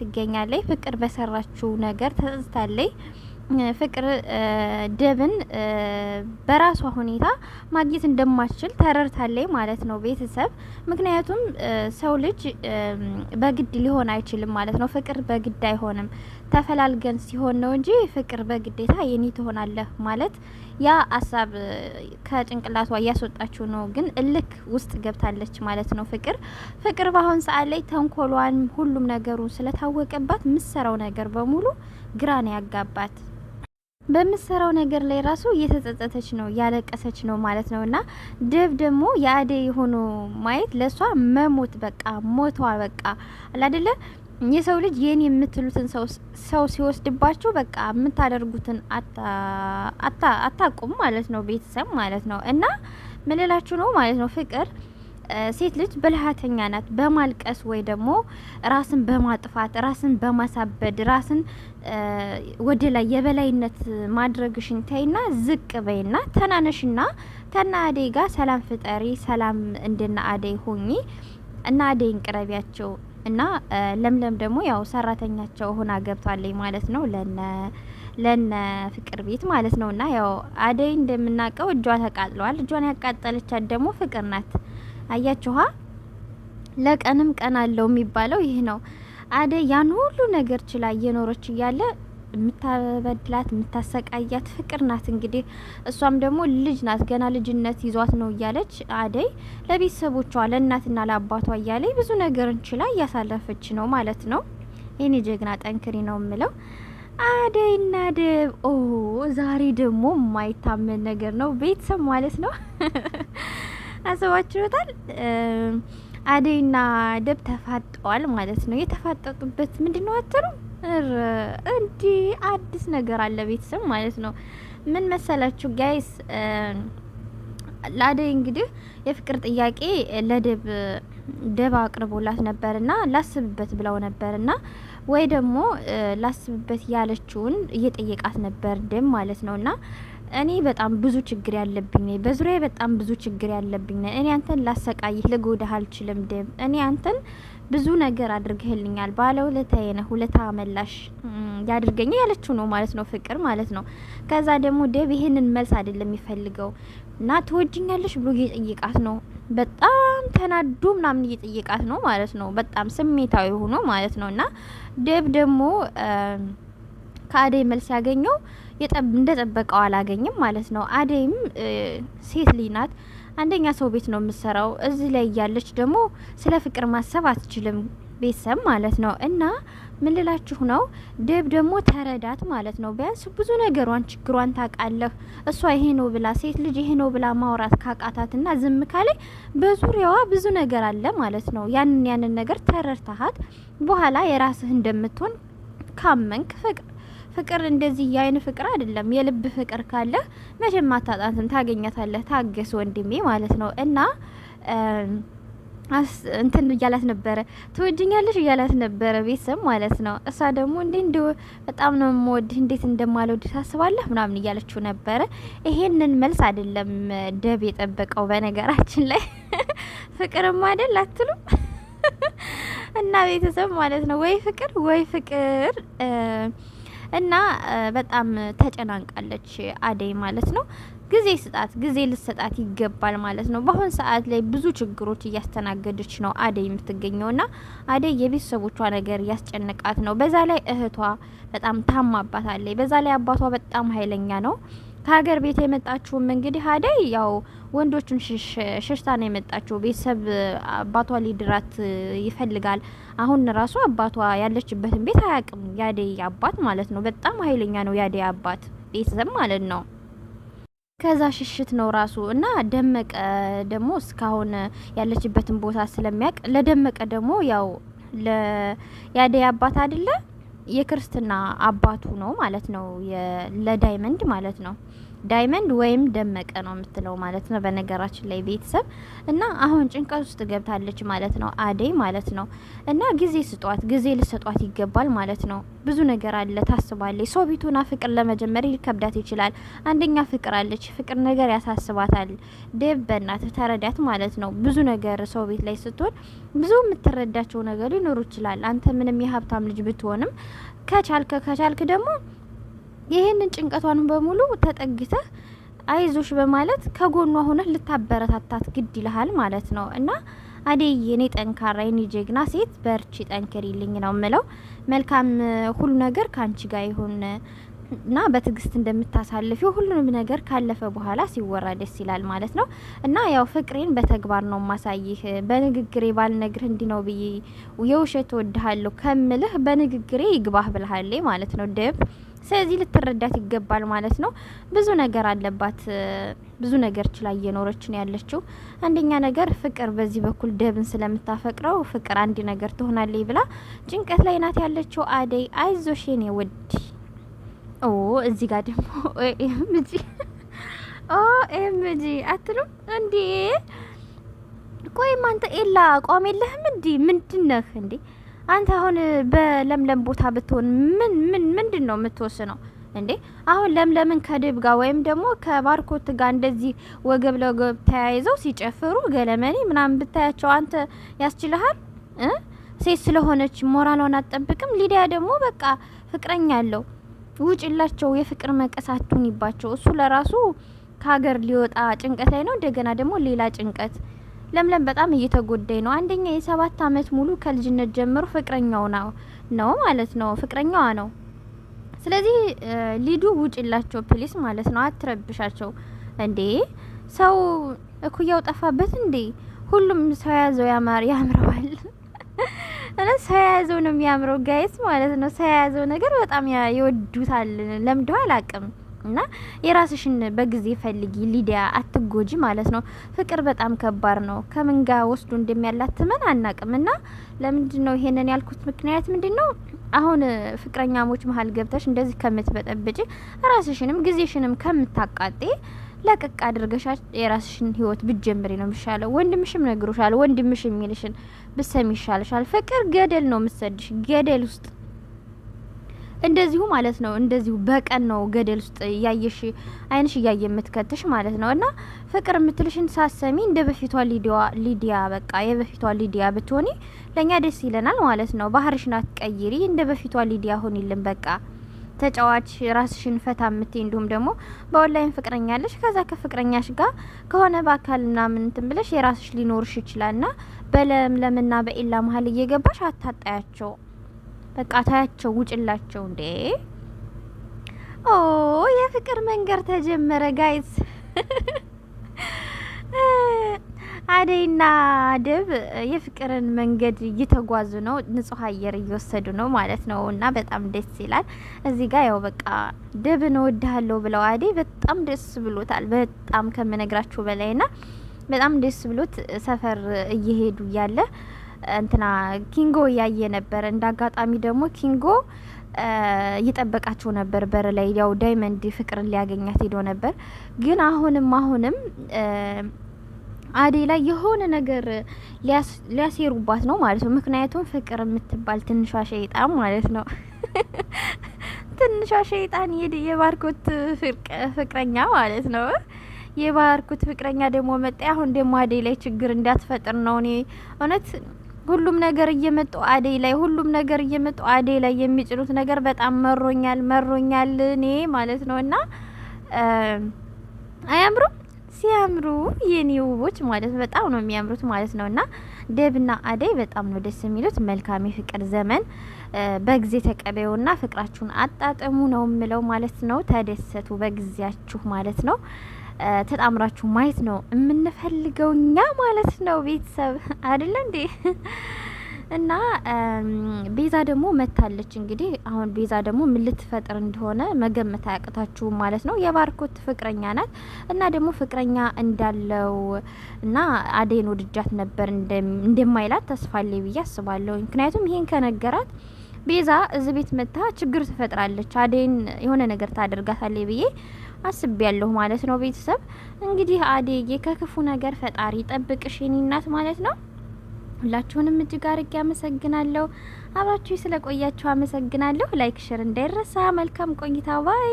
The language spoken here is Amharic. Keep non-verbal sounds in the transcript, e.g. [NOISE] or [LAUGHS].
ትገኛለች። ፍቅር በሰራችው ነገር ተጸጽታለች። ፍቅር ደብን በራሷ ሁኔታ ማግኘት እንደማትችል ተረድታለች ማለት ነው ቤተሰብ። ምክንያቱም ሰው ልጅ በግድ ሊሆን አይችልም ማለት ነው። ፍቅር በግድ አይሆንም፣ ተፈላልገን ሲሆን ነው እንጂ ፍቅር በግዴታ የኔ ትሆናለህ ማለት ያ ሀሳብ ከጭንቅላቷ እያስወጣችው ነው። ግን እልክ ውስጥ ገብታለች ማለት ነው ፍቅር። ፍቅር በአሁን ሰዓት ላይ ተንኮሏን ሁሉም ነገሩ ስለታወቀባት ምሰራው ነገር በሙሉ ግራ ነው ያጋባት። በምትሰራው ነገር ላይ ራሱ እየተጸጸተች ነው፣ ያለቀሰች ነው ማለት ነው። እና ደብ ደግሞ የአደይ የሆኑ ማየት ለእሷ መሞት በቃ ሞቷ በቃ አላደለ። የሰው ልጅ የኔ የምትሉትን ሰው ሲወስድባችሁ በቃ የምታደርጉትን አታቁም ማለት ነው፣ ቤተሰብ ማለት ነው። እና ምልላችሁ ነው ማለት ነው ፍቅር ሴት ልጅ ብልሃተኛ ናት። በማልቀስ ወይ ደግሞ ራስን በማጥፋት ራስን በማሳበድ ራስን ወደ ላይ የበላይነት ማድረግሽን ተይና ዝቅ በይና ተናነሽና ተና አደይ ጋር ሰላም ፍጠሪ። ሰላም እንድና አደይ ሆኚ እና አደይን ቅረቢያቸው እና ለምለም ደግሞ ያው ሰራተኛቸው ሆና ገብቷለኝ ማለት ነው ለነ ለነ ፍቅር ቤት ማለት ነው። እና ያው አደይ እንደምናውቀው እጇ ተቃጥለዋል። እጇን ያቃጠለቻት ደግሞ ፍቅር ናት። አያችኋ። ለቀንም ቀን አለው የሚባለው ይህ ነው። አደይ ያን ሁሉ ነገር ችላ እየኖረች እያለ የምታበድላት የምታሰቃያት ፍቅር ናት። እንግዲህ እሷም ደግሞ ልጅ ናት፣ ገና ልጅነት ይዟት ነው እያለች አደይ ለቤተሰቦቿ ለእናትና ለአባቷ እያለች ብዙ ነገርን ችላ እያሳለፈች ነው ማለት ነው። ይህኔ ጀግና ጠንክሪ ነው የምለው። አደይና ደብ ኦ ዛሬ ደግሞ የማይታመን ነገር ነው ቤተሰብ ማለት ነው። [LAUGHS] አስባችሁታል? አደይና ደብ ተፋጠዋል ማለት ነው። የተፋጠጡበት ምንድን ነው አትሉ? እንዲህ አዲስ ነገር አለ ቤተሰብ ማለት ነው። ምን መሰላችሁ ጋይስ? ለአደይ እንግዲህ የፍቅር ጥያቄ ለደብ ደብ አቅርቦላት ነበርና ላስብበት ብለው ነበርና ወይ ደግሞ ላስብበት ያለችውን እየጠየቃት ነበር ደም ማለት ነውና እኔ በጣም ብዙ ችግር ያለብኝ ነኝ። በዙሪያ በጣም ብዙ ችግር ያለብኝ ነኝ። እኔ አንተን ላሰቃይህ ልጎዳህ አልችልም። ደም እኔ አንተን ብዙ ነገር አድርገህልኛል። ባለ ውለታዬ ነህ። ውለታ መላሽ ያድርገኝ ያለችው ነው ማለት ነው፣ ፍቅር ማለት ነው። ከዛ ደግሞ ደብ ይህንን መልስ አይደለም የሚፈልገው እና ትወጅኛለሽ ብሎ እየጠየቃት ነው። በጣም ተናዱ ምናምን እየጠየቃት ነው ማለት ነው። በጣም ስሜታዊ ሆኖ ማለት ነው እና ደብ ደግሞ ከአደይ መልስ ያገኘው እንደጠበቀው አላገኝም ማለት ነው። አደይም ሴት ልጅ ናት። አንደኛ ሰው ቤት ነው የምትሰራው። እዚህ ላይ እያለች ደግሞ ስለ ፍቅር ማሰብ አትችልም። ቤተሰብ ማለት ነው እና ምን ልላችሁ ነው፣ ደብ ደግሞ ተረዳት ማለት ነው። ቢያንስ ብዙ ነገሯን ችግሯን ታውቃለህ። እሷ ይሄ ነው ብላ ሴት ልጅ ይሄ ነው ብላ ማውራት ካቃታትና ዝም ካለኝ በዙሪያዋ ብዙ ነገር አለ ማለት ነው። ያንን ያንን ነገር ተረድተሃት በኋላ የራስህ እንደምትሆን ካመንክ ፍቅር ፍቅር እንደዚህ የአይን ፍቅር አይደለም። የልብ ፍቅር ካለ መቼም አታጣትም፣ ታገኛታለህ። ታገስ ወንድሜ ማለት ነው እና እንትን እያላት ነበረ ትወጅኛለሽ እያላት ነበረ ቤተሰብ ማለት ነው። እሷ ደግሞ እንዴ እንዲ በጣም ነው የምወድህ እንዴት እንደማልወድህ ታስባለህ ምናምን እያለችው ነበረ። ይሄንን መልስ አይደለም ደብ የጠበቀው በነገራችን ላይ [LAUGHS] ፍቅርም አይደል አትሉም? [LAUGHS] እና ቤተሰብ ማለት ነው ወይ ፍቅር ወይ ፍቅር እና በጣም ተጨናንቃለች አደይ ማለት ነው። ጊዜ ስጣት፣ ጊዜ ልሰጣት ይገባል ማለት ነው። በአሁን ሰዓት ላይ ብዙ ችግሮች እያስተናገደች ነው አደይ የምትገኘው ና አደይ የቤተሰቦቿ ነገር እያስጨነቃት ነው። በዛ ላይ እህቷ በጣም ታማባታለች። በዛ ላይ አባቷ በጣም ኃይለኛ ነው። ከሀገር ቤት የመጣችውም እንግዲህ አደይ ያው ወንዶቹን ሸሽታ ነው የመጣችው። ቤተሰብ አባቷ ሊድራት ይፈልጋል። አሁን ራሱ አባቷ ያለችበትን ቤት አያውቅም። ያደይ አባት ማለት ነው። በጣም ኃይለኛ ነው ያደይ አባት ቤተሰብ ማለት ነው። ከዛ ሽሽት ነው ራሱ እና ደመቀ ደግሞ እስካሁን ያለችበትን ቦታ ስለሚያውቅ ለደመቀ ደግሞ ያው ያደይ አባት አይደለ የክርስትና አባቱ ነው ማለት ነው፣ ለዳይመንድ ማለት ነው። ዳይመንድ ወይም ደመቀ ነው የምትለው ማለት ነው። በነገራችን ላይ ቤተሰብ እና አሁን ጭንቀት ውስጥ ገብታለች ማለት ነው አደይ ማለት ነው። እና ጊዜ ስጧት፣ ጊዜ ልሰጧት ይገባል ማለት ነው። ብዙ ነገር አለ ታስባለች። ሰው ቤቱና ፍቅር ለመጀመር ሊከብዳት ይችላል። አንደኛ ፍቅር አለች፣ ፍቅር ነገር ያሳስባታል። ደብ በእናት ተረዳት ማለት ነው። ብዙ ነገር ሰው ቤት ላይ ስትሆን ብዙ የምትረዳቸው ነገር ሊኖሩ ይችላል። አንተ ምንም የሀብታም ልጅ ብትሆንም ከቻልክ ከቻልክ ደግሞ ይህንን ጭንቀቷን በሙሉ ተጠግተህ አይዞሽ በማለት ከጎኗ ሆነህ ልታበረታታት ግድ ይልሃል ማለት ነው እና አዴ የኔ ጠንካራ የኔ ጀግና ሴት በርቺ፣ ጠንክሪልኝ ነው ምለው። መልካም ሁሉ ነገር ከአንቺ ጋር ይሁን እና በትዕግስት እንደምታሳልፊው ሁሉንም ነገር ካለፈ በኋላ ሲወራ ደስ ይላል ማለት ነው እና ያው ፍቅሬን በተግባር ነው ማሳይህ። በንግግሬ ባልነግርህ እንዲ ነው ብዬ የውሸት ወድሃለሁ ከምልህ በንግግሬ ይግባህ ብልሃሌ ማለት ነው ደብ ስለዚህ ልትረዳት ይገባል ማለት ነው። ብዙ ነገር አለባት፣ ብዙ ነገር ችላ እየኖረች ነው ያለችው። አንደኛ ነገር ፍቅር በዚህ በኩል ደብን ስለምታፈቅረው ፍቅር አንድ ነገር ትሆናለች ብላ ጭንቀት ላይ ናት ያለችው። አደይ አይዞሽ የኔ ውድ። ኦ እዚህ ጋር ደግሞ ኤምጂ ኦ ኤምጂ አትሉም እንዴ? ቆይ ማንተ ኤላ አቋም የለህም እንዴ? ምንድነህ እንዴ? አንተ አሁን በለምለም ቦታ ብትሆን ምን ምን ምንድን ነው የምትወስነው እንዴ? አሁን ለምለምን ከድብ ጋር ወይም ደግሞ ከባርኮት ጋር እንደዚህ ወገብ ለወገብ ተያይዘው ሲጨፍሩ ገለመኔ ምናምን ብታያቸው አንተ ያስችልሃል? ሴት ስለሆነች ሞራሏን አትጠብቅም። ሊዲያ ደግሞ በቃ ፍቅረኛ አለው ውጭላቸው የፍቅር መቀስ አትሁንባቸው። እሱ ለራሱ ከሀገር ሊወጣ ጭንቀት ላይ ነው። እንደገና ደግሞ ሌላ ጭንቀት ለምለም በጣም እየተጎዳኝ ነው። አንደኛ የሰባት አመት ሙሉ ከልጅነት ጀምሮ ፍቅረኛው ነው ነው ማለት ነው ፍቅረኛዋ ነው። ስለዚህ ሊዱ ውጭላቸው ፕሊስ ማለት ነው። አትረብሻቸው እንዴ! ሰው እኩያው ጠፋበት እንዴ! ሁሉም ሰው የያዘው ያማር ያምረዋል [LAUGHS] እና ሰው የያዘው ነው የሚያምረው። ጋይስ ማለት ነው ሰው የያዘው ነገር በጣም ይወዱታል። ለምደው አላቅም እና የራስሽን በጊዜ ፈልጊ ሊዲያ፣ አትጎጂ ማለት ነው። ፍቅር በጣም ከባድ ነው። ከምን ጋር ወስዶ እንደሚያላትመን አናቅም። እና ለምንድን ነው ይሄንን ያልኩት ምክንያት ምንድን ነው? አሁን ፍቅረኛሞች መሀል ገብተሽ እንደዚህ ከምትበጠብጭ፣ ራስሽንም ጊዜሽንም ከምታቃጤ ለቅቅ አድርገሻት የራስሽን ህይወት ብትጀምሪ ነው የሚሻለው። ወንድምሽም ነግሮሻል። ወንድምሽ የሚልሽን ብሰሚ ይሻልሻል። ፍቅር ገደል ነው የምትሰድሽ ገደል ውስጥ እንደዚሁ ማለት ነው። እንደዚሁ በቀን ነው ገደል ውስጥ እያየሽ አይንሽ እያየ የምትከትሽ ማለት ነው። እና ፍቅር የምትልሽን ሳሰሚ እንደ በፊቷ ሊዲያ በቃ የበፊቷ ሊዲያ ብትሆኒ ለእኛ ደስ ይለናል ማለት ነው። ባህርሽን አትቀይሪ። እንደ በፊቷ ሊዲያ ሆኒልን በቃ ተጫዋች ራስሽን ፈታ ምት እንዲሁም ደግሞ በኦንላይን ፍቅረኛ አለሽ። ከዛ ከፍቅረኛሽ ጋር ከሆነ በአካል ና ምንትን ብለሽ የራስሽ ሊኖርሽ ይችላል። ና በለምለምና በኢላ መሀል እየገባሽ አታጣያቸው። በቃ ታያቸው፣ ውጭላቸው እንዴ! ኦ የፍቅር መንገድ ተጀመረ ጋይዝ። [LAUGHS] አደይና ደብ የፍቅርን መንገድ እየተጓዙ ነው። ንጹህ አየር እየወሰዱ ነው ማለት ነው። እና በጣም ደስ ይላል። እዚህ ጋር ያው በቃ ደብን እወድሃለሁ ብለው አደይ በጣም ደስ ብሎታል። በጣም ከምነግራችሁ በላይ ና በጣም ደስ ብሎት ሰፈር እየሄዱ እያለ እንትና ኪንጎ እያየ ነበር። እንደ አጋጣሚ ደግሞ ኪንጎ እየጠበቃቸው ነበር በር ላይ። ያው ዳይመንድ ፍቅርን ሊያገኛት ሄዶ ነበር። ግን አሁንም አሁንም አዴ ላይ የሆነ ነገር ሊያሴሩባት ነው ማለት ነው። ምክንያቱም ፍቅር የምትባል ትንሿ ሸይጣን ማለት ነው [LAUGHS] ትንሿ ሸይጣን የባርኮት ፍቅረኛ ማለት ነው። የባርኩት ፍቅረኛ ደግሞ መጣ። አሁን ደግሞ አዴ ላይ ችግር እንዳትፈጥር ነው እኔ እውነት ሁሉም ነገር እየመጡ አደይ ላይ ሁሉም ነገር እየመጡ አደይ ላይ የሚጭኑት ነገር በጣም መሮኛል መሮኛል እኔ ማለት ነው። እና አያምሩም ሲያምሩ የኔ ውቦች ማለት በጣም ነው የሚያምሩት ማለት ነው። እና ደብና አደይ በጣም ነው ደስ የሚሉት። መልካም የፍቅር ዘመን በጊዜ ተቀበዩና ፍቅራችሁን አጣጥሙ ነው የምለው ማለት ነው። ተደሰቱ በጊዜያችሁ ማለት ነው። ተጣምራችሁ ማየት ነው የምንፈልገው እኛ ማለት ነው። ቤተሰብ [LAUGHS] አይደለ እንዴ? [LAUGHS] እና ቤዛ ደግሞ መታለች። እንግዲህ አሁን ቤዛ ደግሞ ምን ልትፈጥር እንደሆነ መገመት አያቅታችሁም ማለት ነው። የባርኮት ፍቅረኛ ናት እና ደግሞ ፍቅረኛ እንዳለው እና አደይን ወድጃት ነበር እንደማይላት ተስፋ አለኝ ብዬ አስባለሁ። ምክንያቱም ይሄን ከነገራት ቤዛ እዚ ቤት መታ ችግር ትፈጥራለች፣ አዴን የሆነ ነገር ታደርጋታለች ብዬ አስብ ያለሁ ማለት ነው። ቤተሰብ እንግዲህ አዴ ከክፉ ነገር ፈጣሪ ጠብቅሽ የኔ እናት ማለት ነው። ሁላችሁንም እጅግ አርጌ አመሰግናለሁ። አብራችሁ ስለቆያችሁ አመሰግናለሁ። ላይክ ሽር እንዳይረሳ። መልካም ቆይታ ባይ